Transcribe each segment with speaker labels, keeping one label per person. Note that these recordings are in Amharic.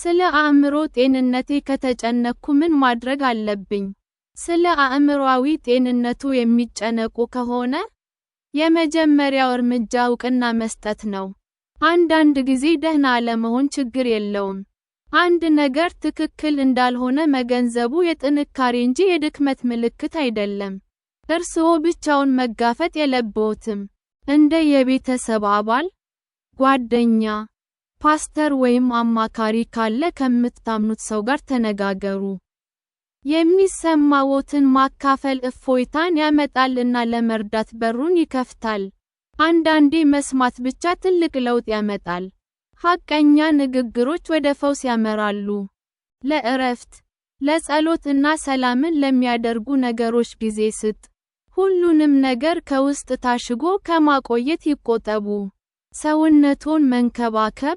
Speaker 1: ስለ አእምሮ ጤንነቴ ከተጨነኩ ምን ማድረግ አለብኝ? ስለ አእምሮአዊ ጤንነቱ የሚጨነቁ ከሆነ፣ የመጀመሪያው እርምጃ እውቅና መስጠት ነው። አንዳንድ ጊዜ ደህና አለመሆን ችግር የለውም። አንድ ነገር ትክክል እንዳልሆነ መገንዘቡ የጥንካሬ እንጂ የድክመት ምልክት አይደለም። እርስዎ ብቻውን መጋፈጥ የለብዎትም። እንደ የቤተሰብ አባል፣ ጓደኛ፣ ፓስተር ወይም አማካሪ ካለ ከምታምኑት ሰው ጋር ተነጋገሩ። የሚሰማዎትን ማካፈል እፎይታን ያመጣልና ለመርዳት በሩን ይከፍታል። አንዳንዴ መስማት ብቻ ትልቅ ለውጥ ያመጣል። ሐቀኛ ንግግሮች ወደ ፈውስ ያመራሉ። ለእረፍት፣ ለጸሎት እና ሰላምን ለሚያደርጉ ነገሮች ጊዜ ስጥ። ሁሉንም ነገር ከውስጥ ታሽጎ ከማቆየት ይቆጠቡ። ሰውነቶን መንከባከብ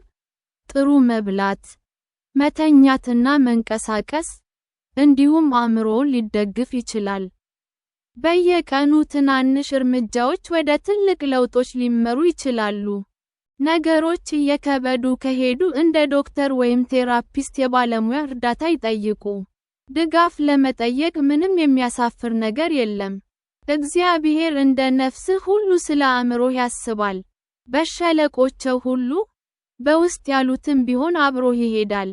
Speaker 1: ጥሩ መብላት፣ መተኛትና መንቀሳቀስ እንዲሁም አእምሮውን ሊደግፍ ይችላል። በየቀኑ ትናንሽ እርምጃዎች ወደ ትልቅ ለውጦች ሊመሩ ይችላሉ። ነገሮች እየከበዱ ከሄዱ እንደ ዶክተር ወይም ቴራፒስት የባለሙያ እርዳታ ይጠይቁ። ድጋፍ ለመጠየቅ ምንም የሚያሳፍር ነገር የለም። እግዚአብሔር እንደ ነፍስህ ሁሉ ስለ አእምሮህ ያስባል። በሸለቆቸው ሁሉ በውስጥ ያሉትም ቢሆን አብሮህ ይሄዳል።